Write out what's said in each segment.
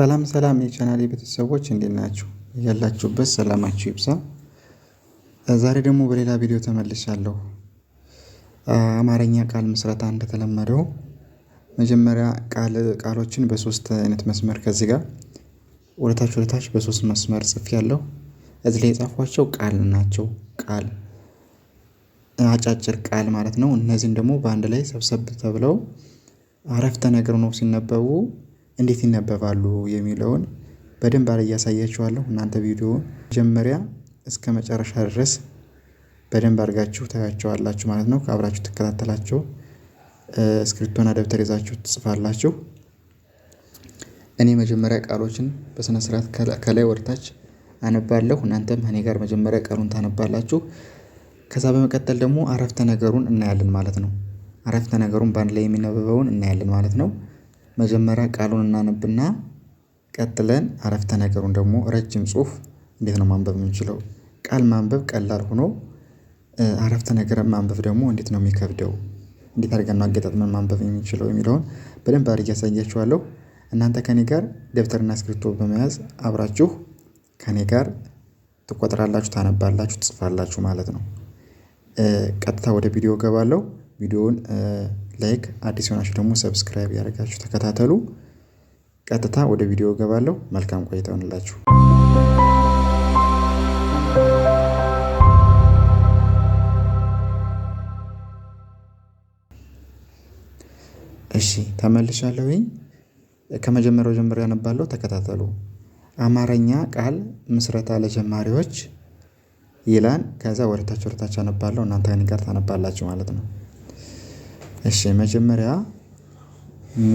ሰላም ሰላም የቻናል ቤተሰቦች እንዴት ናችሁ? ያላችሁበት ሰላማችሁ ይብዛ። ዛሬ ደግሞ በሌላ ቪዲዮ ተመልሻለሁ። አማርኛ ቃል ምስረታ እንደተለመደው መጀመሪያ ቃል ቃሎችን በሶስት አይነት መስመር ከዚህ ጋር ወደታች ወደታች በሶስት መስመር ጽፍ ያለው እዚህ ላይ የጻፏቸው ቃል ናቸው። ቃል አጫጭር ቃል ማለት ነው። እነዚህን ደግሞ በአንድ ላይ ሰብሰብ ተብለው አረፍተ ነገር ነው ሲነበቡ እንዴት ይነበባሉ የሚለውን በደንብ አድርጌ አሳያችኋለሁ። እናንተ ቪዲዮ መጀመሪያ እስከ መጨረሻ ድረስ በደንብ አድርጋችሁ ታያችኋላችሁ ማለት ነው። ከአብራችሁ ትከታተላችሁ እስክሪብቶና ደብተር ይዛችሁ ትጽፋላችሁ። እኔ መጀመሪያ ቃሎችን በስነ ስርዓት ከላይ ወደታች አነባለሁ። እናንተም እኔ ጋር መጀመሪያ ቃሉን ታነባላችሁ። ከዛ በመቀጠል ደግሞ አረፍተ ነገሩን እናያለን ማለት ነው። አረፍተ ነገሩን በአንድ ላይ የሚነበበውን እናያለን ማለት ነው። መጀመሪያ ቃሉን እናነብና ቀጥለን አረፍተ ነገሩን ደግሞ ረጅም ጽሁፍ እንዴት ነው ማንበብ የምንችለው? ቃል ማንበብ ቀላል ሆኖ አረፍተ ነገር ማንበብ ደግሞ እንዴት ነው የሚከብደው? እንዴት አድርገን ነው አገጣጥመን ማንበብ የምንችለው የሚለውን በደንብ አድርጌ ያሳያችኋለሁ። እናንተ ከኔ ጋር ደብተርና እስክሪብቶ በመያዝ አብራችሁ ከኔ ጋር ትቆጥራላችሁ ታነባላችሁ ትጽፋላችሁ ማለት ነው። ቀጥታ ወደ ቪዲዮ እገባለሁ ቪዲዮውን ላይክ፣ አዲስ የሆናችሁ ደግሞ ሰብስክራይብ ያደርጋችሁ ተከታተሉ። ቀጥታ ወደ ቪዲዮ እገባለሁ። መልካም ቆይታ ይሆንላችሁ። እሺ ተመልሻለሁኝ። ከመጀመሪያው ጀምሮ ያነባለሁ፣ ተከታተሉ። አማርኛ ቃል ምስረታ ለጀማሪዎች ይላን። ከዛ ወደታች ወደታች አነባለሁ። እናንተ ጋር ታነባላችሁ ማለት ነው። እሺ መጀመሪያ ሙ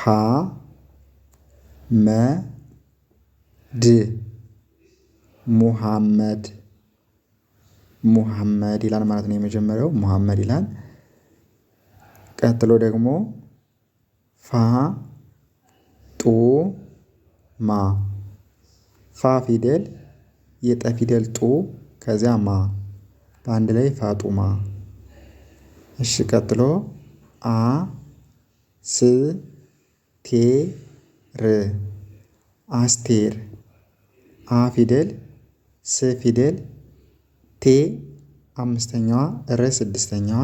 ሃ መ ድ ሙሐመድ ሙሐመድ ይላል ማለት ነው። የመጀመሪያው ሙሐመድ ይላል። ቀጥሎ ደግሞ ፋ ጡ ማ ፋ ፊደል የጠ ፊደል ጡ ከዚያ ማ በአንድ ላይ ፋጡማ እሺ ቀጥሎ አ ስ ቴ ር አስቴር አ ፊደል ስ ፊደል ቴ አምስተኛዋ ር ስድስተኛዋ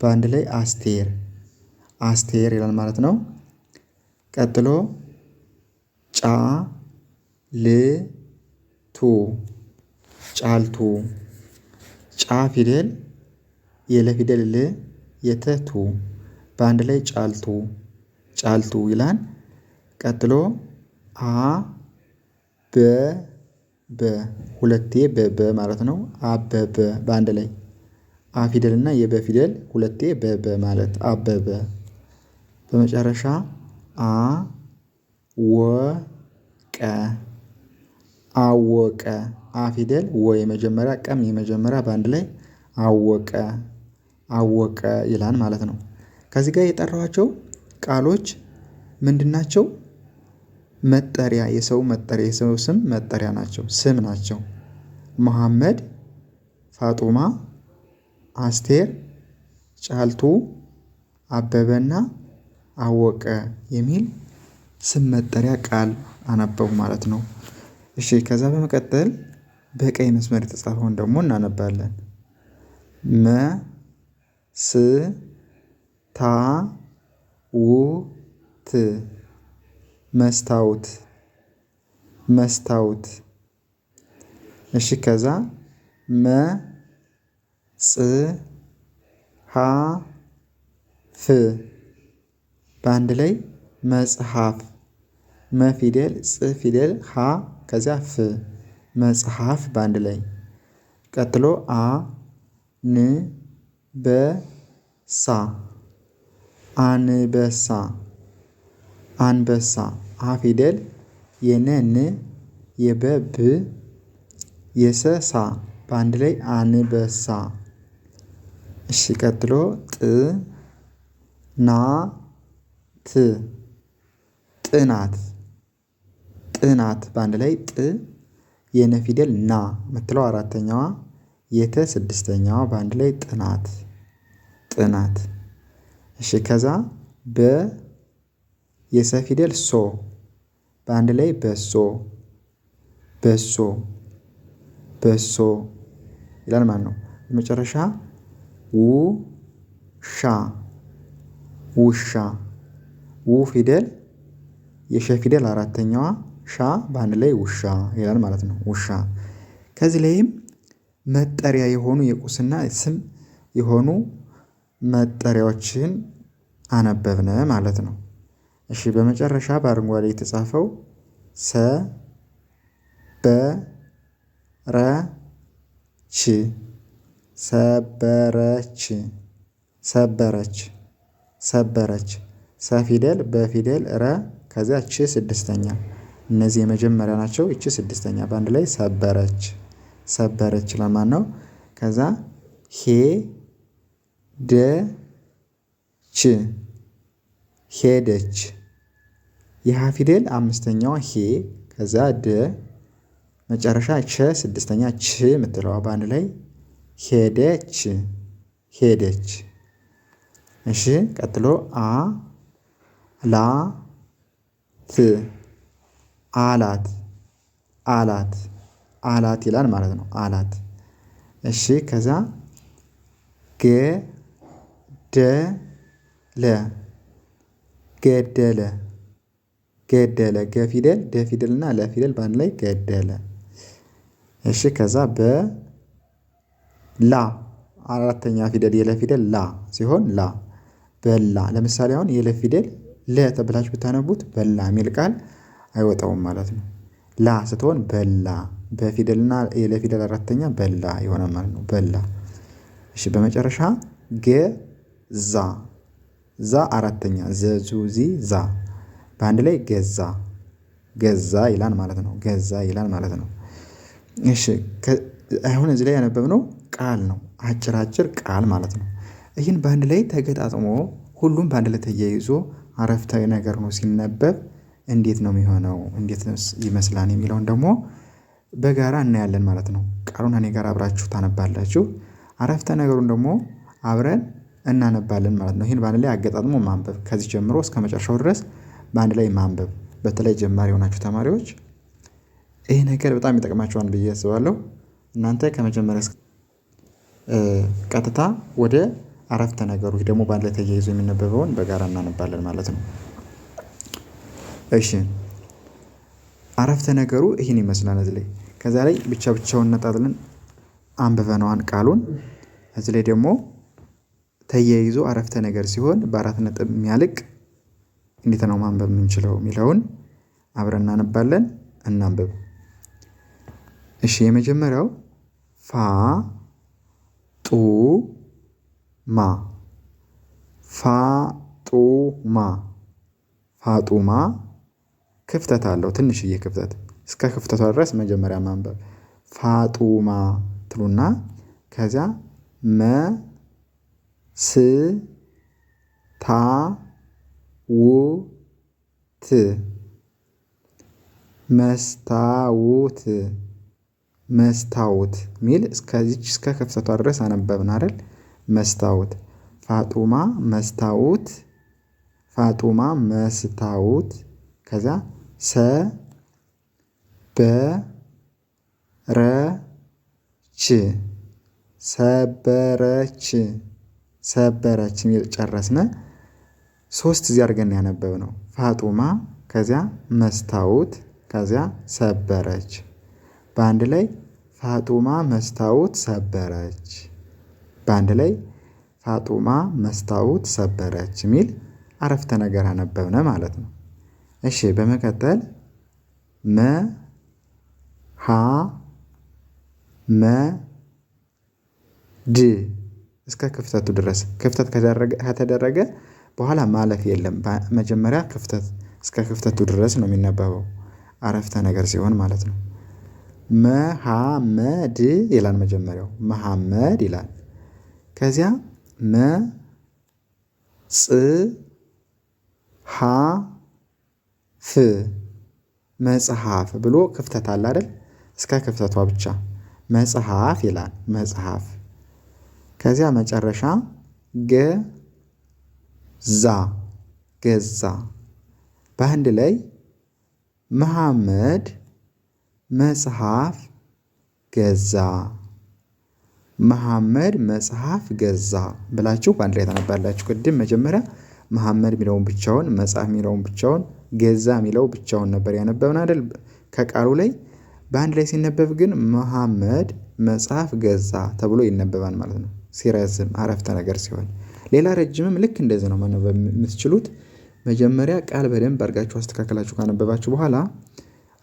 በአንድ ላይ አስቴር አስቴር ይላል ማለት ነው። ቀጥሎ ጫ ል ቱ ጫልቱ ጫ ፊደል የለፊደል ል የተቱ በአንድ ላይ ጫልቱ ጫልቱ ይላል። ቀጥሎ አ በ በ ሁለቴ በበ ማለት ነው አበበ በአንድ ላይ አ ፊደል እና የበ ፊደል ሁለቴ በበ ማለት አበበ። በመጨረሻ አ ወ ቀ አወቀ አ ፊደል ወ የመጀመሪያ ቀም የመጀመሪያ በአንድ ላይ አወቀ አወቀ ይላል ማለት ነው። ከዚህ ጋር የጠራኋቸው ቃሎች ምንድን ናቸው? መጠሪያ የሰው መጠሪያ የሰው ስም መጠሪያ ናቸው ስም ናቸው። መሀመድ ፋጡማ አስቴር ጫልቱ አበበና አወቀ የሚል ስም መጠሪያ ቃል አነበቡ ማለት ነው። እሺ ከዛ በመቀጠል በቀይ መስመር የተጻፈውን ደግሞ እናነባለን። መ ስታውት መስታወት መስታወት እሺ ከዛ ፍ በአንድ ላይ መጽሐፍ መ ፊደል ጽ ፊደል ሃ ከዚያ ፍ መጽሐፍ በአንድ ላይ ቀጥሎ አ ን በ ሳ አንበሳ አንበሳ አ ፊደል የነን የበብ የሰሳ በአንድ ላይ አንበሳ። እሺ ቀጥሎ ጥ ና ት ጥናት ጥናት በአንድ ላይ ጥ የነ ፊደል ና የምትለው አራተኛዋ የተ ስድስተኛዋ በአንድ ላይ ጥናት ጥናት እሺ ከዛ በ የሰ ፊደል ሶ በአንድ ላይ በሶ በሶ በሶ ይላል ማለት ነው። መጨረሻ ው ሻ ውሻ ው ፊደል የሸ ፊደል አራተኛዋ ሻ በአንድ ላይ ውሻ ይላል ማለት ነው። ውሻ ከዚህ ላይም መጠሪያ የሆኑ የቁስና ስም የሆኑ መጠሪያዎችን አነበብነ ማለት ነው። እሺ በመጨረሻ በአረንጓዴ የተጻፈው ሰ በ ረ ች ሰበረች ሰበረች ሰበረች ሰ ፊደል በፊደል ረ ከዚያ ች ስድስተኛ እነዚህ የመጀመሪያ ናቸው ይቺ ስድስተኛ በአንድ ላይ ሰበረች ሰበረች ለማን ነው? ከዛ ሄ ደች ሄደች የሀ ፊደል አምስተኛዋ ሄ ከዛ ደ መጨረሻ ቸ ስድስተኛ ች የምትለዋ በአንድ ላይ ሄደች ሄደች። እሺ ቀጥሎ አ ላ ት አላት አላት አላት ይላል ማለት ነው። አላት እሺ ከዛ ገ ደለ ገደለ ገደለ ገ ፊደል ደ ፊደል እና ለ ፊደል በአንድ ላይ ገደለ። እሺ ከዛ በ ላ አራተኛ ፊደል የለ ፊደል ላ ሲሆን ላ በላ ለምሳሌ አሁን የለ ፊደል ለ ተብላችሁ ብታነቡት በላ የሚል ቃል አይወጣውም ማለት ነው። ላ ስትሆን በላ በፊደልና የለፊደል አራተኛ በላ ይሆናል ማለት ነው። በላ እሺ በመጨረሻ ገ ዛ ዛ አራተኛ ዘዙዚ ዛ በአንድ ላይ ገዛ ገዛ ይላል ማለት ነው። ገዛ ይላል ማለት ነው። እሺ አሁን እዚህ ላይ ያነበብነው ቃል ነው። አጭር አጭር ቃል ማለት ነው። ይህን በአንድ ላይ ተገጣጥሞ ሁሉም በአንድ ላይ ተያይዞ አረፍታዊ ነገር ነው ሲነበብ እንዴት ነው የሚሆነው? እንዴት ይመስላል የሚለውን ደግሞ በጋራ እናያለን ማለት ነው። ቃሉን እኔ ጋር አብራችሁ ታነባላችሁ። አረፍተ ነገሩን ደግሞ አብረን እናነባለን ማለት ነው። ይህን በአንድ ላይ አገጣጥሞ ማንበብ ከዚህ ጀምሮ እስከ መጨረሻው ድረስ በአንድ ላይ ማንበብ በተለይ ጀማሪ የሆናችሁ ተማሪዎች ይህ ነገር በጣም ይጠቅማችኋል ብዬ አስባለሁ። እናንተ ከመጀመሪያ ቀጥታ ወደ አረፍተ ነገሩ ደግሞ በአንድ ላይ ተያይዞ የሚነበበውን በጋራ እናነባለን ማለት ነው። እሺ አረፍተ ነገሩ ይህን ይመስላል። እዚህ ላይ ከዛ ላይ ብቻ ብቻውን ነጣጥለን አንብበነዋን ቃሉን እዚህ ላይ ደግሞ ተያይዞ አረፍተ ነገር ሲሆን በአራት ነጥብ የሚያልቅ እንዴት ነው ማንበብ የምንችለው የሚለውን አብረን እናነባለን። እናንብብ። እሺ የመጀመሪያው ፋ ጡ ማ ፋጡማ ፋጡማ ክፍተት አለው፣ ትንሽዬ ክፍተት። እስከ ክፍተቷ ድረስ መጀመሪያ ማንበብ ፋጡማ ትሉና ከዚያ መ ስታውት መስታውት መስታውት ሚል እስከዚች እስከ ከፍተቷ ድረስ አነበብን አይደል? መስታውት ፋጡማ መስታውት ፋጡማ መስታውት ከዚያ ሰ በ ረ ች ሰበረች ሰበረችን ጨረስነ። ሶስት እዚህ አድርገን ያነበብ ነው። ፋጡማ ከዚያ መስታወት ከዚያ ሰበረች። በአንድ ላይ ፋጡማ መስታወት ሰበረች። በአንድ ላይ ፋጡማ መስታወት ሰበረች የሚል አረፍተ ነገር አነበብነ ማለት ነው። እሺ በመቀጠል መ ሃ መ ድ እስከ ክፍተቱ ድረስ ክፍተት ከተደረገ በኋላ ማለፍ የለም። መጀመሪያ ክፍተት እስከ ክፍተቱ ድረስ ነው የሚነበበው አረፍተ ነገር ሲሆን ማለት ነው። መሐመድ ይላል መጀመሪያው መሐመድ ይላል። ከዚያ መ ጽ ሀ ፍ መጽሐፍ ብሎ ክፍተት አለ አይደል? እስከ ክፍተቷ ብቻ መጽሐፍ ይላል መጽሐፍ ከዚያ መጨረሻ ገዛ ገዛ በአንድ ላይ መሐመድ መጽሐፍ ገዛ መሐመድ መጽሐፍ ገዛ ብላችሁ በአንድ ላይ ታነባላችሁ። ቅድም መጀመሪያ መሐመድ የሚለውን ብቻውን፣ መጽሐፍ የሚለውን ብቻውን፣ ገዛ የሚለው ብቻውን ነበር ያነበብን አይደል? ከቃሉ ላይ በአንድ ላይ ሲነበብ ግን መሐመድ መጽሐፍ ገዛ ተብሎ ይነበባል ማለት ነው። ሲረዝም አረፍተ ነገር ሲሆን ሌላ ረጅምም ልክ እንደዚህ ነው ማንበብ የምትችሉት። መጀመሪያ ቃል በደንብ አድርጋችሁ አስተካከላችሁ ካነበባችሁ በኋላ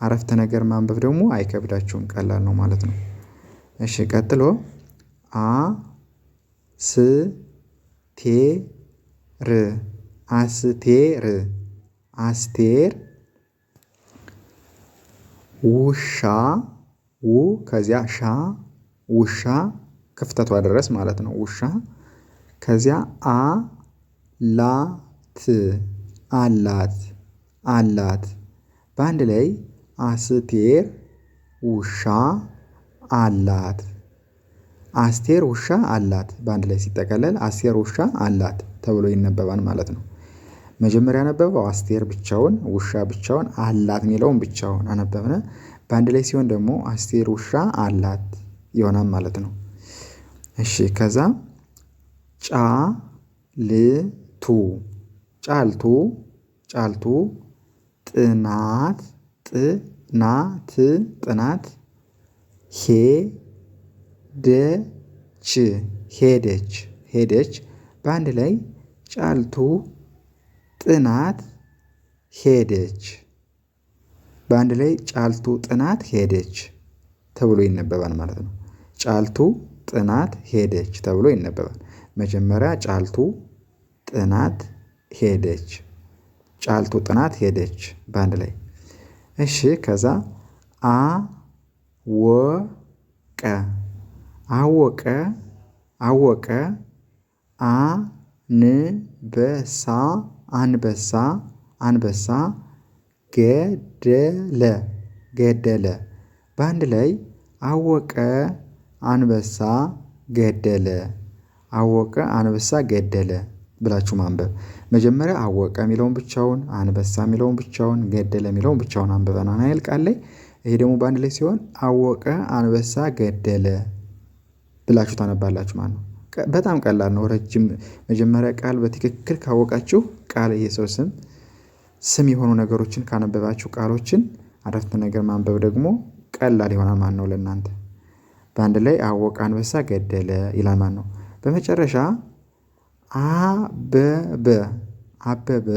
አረፍተ ነገር ማንበብ ደግሞ አይከብዳችሁም ቀላል ነው ማለት ነው። እሺ ቀጥሎ አ ስ ቴ ር አስቴር አስቴር ውሻ ው ከዚያ ሻ ውሻ ክፍተቷ ድረስ ማለት ነው። ውሻ ከዚያ አ ላት አላት አላት በአንድ ላይ አስቴር ውሻ አላት አስቴር ውሻ አላት በአንድ ላይ ሲጠቀለል አስቴር ውሻ አላት ተብሎ ይነበባል ማለት ነው። መጀመሪያ ነበበው አስቴር ብቻውን ውሻ ብቻውን አላት የሚለውን ብቻውን አነበብነ። በአንድ ላይ ሲሆን ደግሞ አስቴር ውሻ አላት ይሆናል ማለት ነው። እሺ ከዛ ጫልቱ ጫልቱ ጫልቱ ጥናት ጥናት ጥናት ሄደች ሄደች ሄደች በአንድ ላይ ጫልቱ ጥናት ሄደች በአንድ ላይ ጫልቱ ጥናት ሄደች ተብሎ ይነበባል ማለት ነው። ጫልቱ ጥናት ሄደች ተብሎ ይነበባል። መጀመሪያ ጫልቱ ጥናት ሄደች ጫልቱ ጥናት ሄደች በአንድ ላይ እሺ። ከዛ አወቀ አወቀ አወቀ አንበሳ አንበሳ አንበሳ ገደለ ገደለ በአንድ ላይ አወቀ አንበሳ ገደለ አወቀ አንበሳ ገደለ ብላችሁ ማንበብ። መጀመሪያ አወቀ የሚለውን ብቻውን አንበሳ የሚለውን ብቻውን ገደለ የሚለውን ብቻውን አንብበና አይደል ቃል ላይ። ይሄ ደግሞ በአንድ ላይ ሲሆን አወቀ አንበሳ ገደለ ብላችሁ ታነባላችሁ ማለት ነው። በጣም ቀላል ነው። ረጅም መጀመሪያ ቃል በትክክል ካወቃችሁ ቃል የሰው ስም ስም የሆኑ ነገሮችን ካነበባችሁ ቃሎችን አረፍተ ነገር ማንበብ ደግሞ ቀላል ይሆናል ማን ነው ለእናንተ በአንድ ላይ አወቀ አንበሳ ገደለ ይላል ማለት ነው። በመጨረሻ አበበ አበበ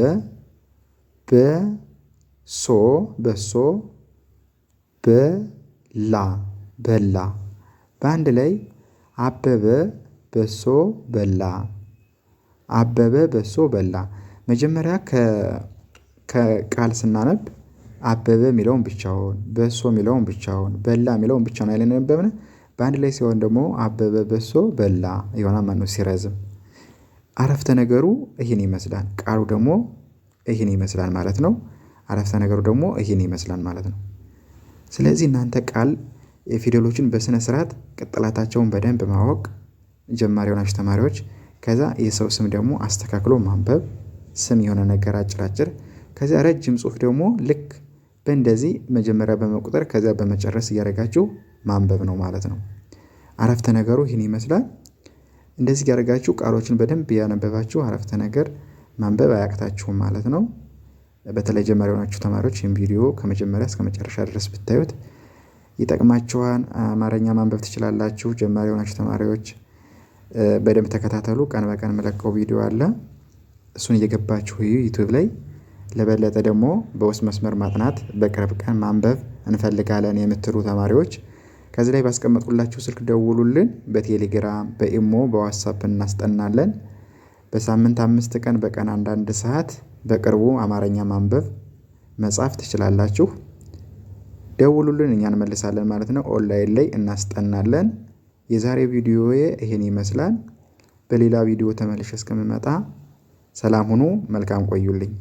በሶ በሶ በላ በላ በአንድ ላይ አበበ በሶ በላ አበበ በሶ በላ። መጀመሪያ ከቃል ስናነብ አበበ የሚለውን ብቻውን በሶ የሚለውን ብቻውን በላ የሚለውን ብቻውን አይደል ያነበብነው በአንድ ላይ ሲሆን ደግሞ አበበ በሶ በላ የሆነ ማነው ሲረዝም አረፍተ ነገሩ ይህን ይመስላል። ቃሉ ደግሞ ይህን ይመስላል ማለት ነው። አረፍተ ነገሩ ደግሞ ይህን ይመስላል ማለት ነው። ስለዚህ እናንተ ቃል የፊደሎችን በስነ ስርዓት ቅጥላታቸውን በደንብ ማወቅ ጀማሪ የሆናችሁ ተማሪዎች፣ ከዛ የሰው ስም ደግሞ አስተካክሎ ማንበብ ስም የሆነ ነገር አጭራጭር፣ አጭር፣ ከዚያ ረጅም ጽሁፍ ደግሞ ልክ በእንደዚህ መጀመሪያ በመቁጠር ከዚያ በመጨረስ እያደረጋችሁ ማንበብ ነው ማለት ነው። አረፍተ ነገሩ ይህን ይመስላል። እንደዚህ ያደርጋችሁ ቃሎችን በደንብ እያነበባችሁ አረፍተ ነገር ማንበብ አያቅታችሁም ማለት ነው። በተለይ ጀማሪ የሆናችሁ ተማሪዎች ይህን ቪዲዮ ከመጀመሪያ እስከ መጨረሻ ድረስ ብታዩት ይጠቅማችኋል። አማርኛ ማንበብ ትችላላችሁ። ጀማሪ የሆናችሁ ተማሪዎች በደንብ ተከታተሉ። ቀን በቀን የምለቀው ቪዲዮ አለ። እሱን እየገባችሁ ዩቱብ ላይ ለበለጠ ደግሞ በውስጥ መስመር ማጥናት በቅርብ ቀን ማንበብ እንፈልጋለን የምትሉ ተማሪዎች ከዚህ ላይ ባስቀመጥኩላችሁ ስልክ ደውሉልን። በቴሌግራም በኢሞ በዋትሳፕ እናስጠናለን። በሳምንት አምስት ቀን በቀን አንዳንድ ሰዓት በቅርቡ አማርኛ ማንበብ መጻፍ ትችላላችሁ። ደውሉልን፣ እኛ እንመልሳለን ማለት ነው። ኦንላይን ላይ እናስጠናለን። የዛሬ ቪዲዮ ይሄን ይመስላል። በሌላ ቪዲዮ ተመልሼ እስከምመጣ ሰላም ሁኑ። መልካም ቆዩልኝ።